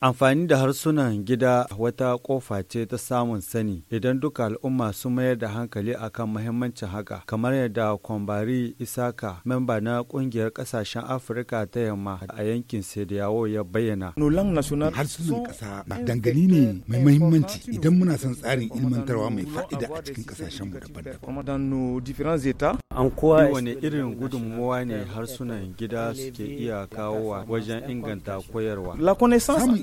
Amfani da harsunan gida wata kofa ce ta samun sani idan duka al'umma su mayar da hankali akan mahimmancin haka, kamar yadda Kwambari Isaka, memba na kungiyar kasashen Afirka ta yamma a yankin sadiyawo ya bayyana. Harsunan kasa ba dangane ne mai mahimmanci idan muna son tsarin ilmantarwa mai fa'ida a cikin kasashen mu daban-daban. An kowa wani irin gudunmuwa ne harsunan gida suke iya kawowa wajen inganta koyarwa.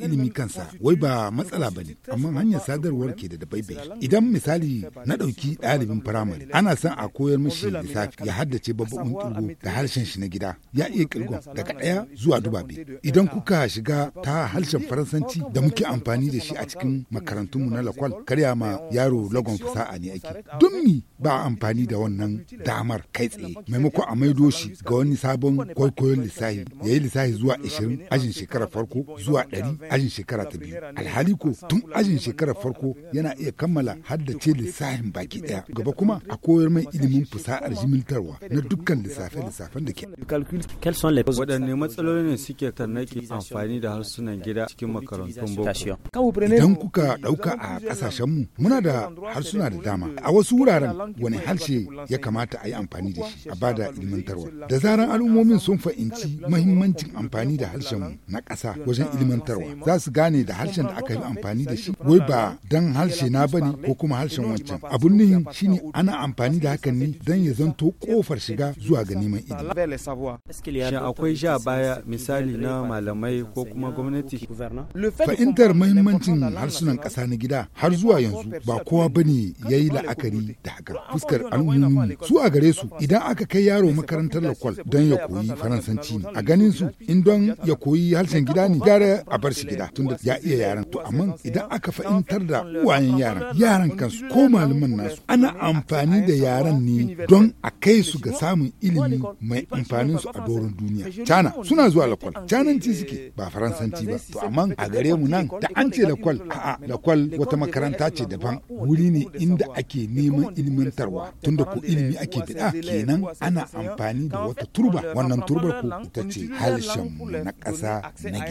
ilimi kansa wai ba matsala ba ne amma hanyar sadarwar ke da dabaibai idan misali na ɗauki ɗalibin firamare ana son a koyar mashi lissafi ya haddace babban ƙirgo da harshen shi na gida ya iya ƙirgon daga ɗaya zuwa dubabe idan kuka shiga ta harshen faransanci da muke amfani da shi a cikin makarantunmu na lakwal karya ma yaro lagon fasa'a ne ake don mi ba amfani da wannan damar kai tsaye maimakon a maido shi ga wani sabon kwaikwayon lissafi ya yi lissafi zuwa 20 ajin shekarar farko zuwa 100 ajin shekara ta biyu alhali ko tun ajin shekarar farko yana iya kammala haddace lissafin baki daya gaba kuma a koyar mai ilimin fusa'ar jimiltarwa na dukkan lissafe-lissafen da ke waɗanne matsaloli ne suke tarnaki amfani da harsunan gida cikin makarantun boko idan kuka ɗauka a mu muna da harsuna da dama a wasu wuraren wani harshe ya kamata a yi amfani da shi a bada ilimantarwa da zaran al'ummomin sun fahimci mahimmancin amfani da harshen mu na ƙasa wajen ilimantarwa za su gane da harshen da aka yi amfani da shi wai ba dan harshe na bane ko kuma harshen wancan abun nihin shine ana amfani da hakan ne don ya zanto kofar shiga zuwa ga neman ilimi shin akwai ja baya misali na malamai ko kuma gwamnati fahimtar mahimmancin harsunan ƙasa na gida har zuwa yanzu ba kowa bane ya yi la'akari da hakan fuskar al'ummomi su a gare su idan aka kai yaro makarantar lakwal don ya koyi faransanci ne a ganin su in don ya koyi harshen gida ne gara a bar shi gida tunda ya iya yaran to amma idan aka fahimtar da uwayen yaran yaran kansu ko malaman nasu ana amfani da yaran ne don a kai su ga samun ilimi mai amfanin su a doron duniya cana suna zuwa lakwal cananci suke ba faransanci ba to amma a gare mu nan da an ce lakwal a'a lakwal wata makaranta ce daban wuri ne inda ake neman ilimantarwa tunda ko ilimi ake bida kenan ana amfani da wata turba wannan turbar ko ita ce halshen na ƙasa na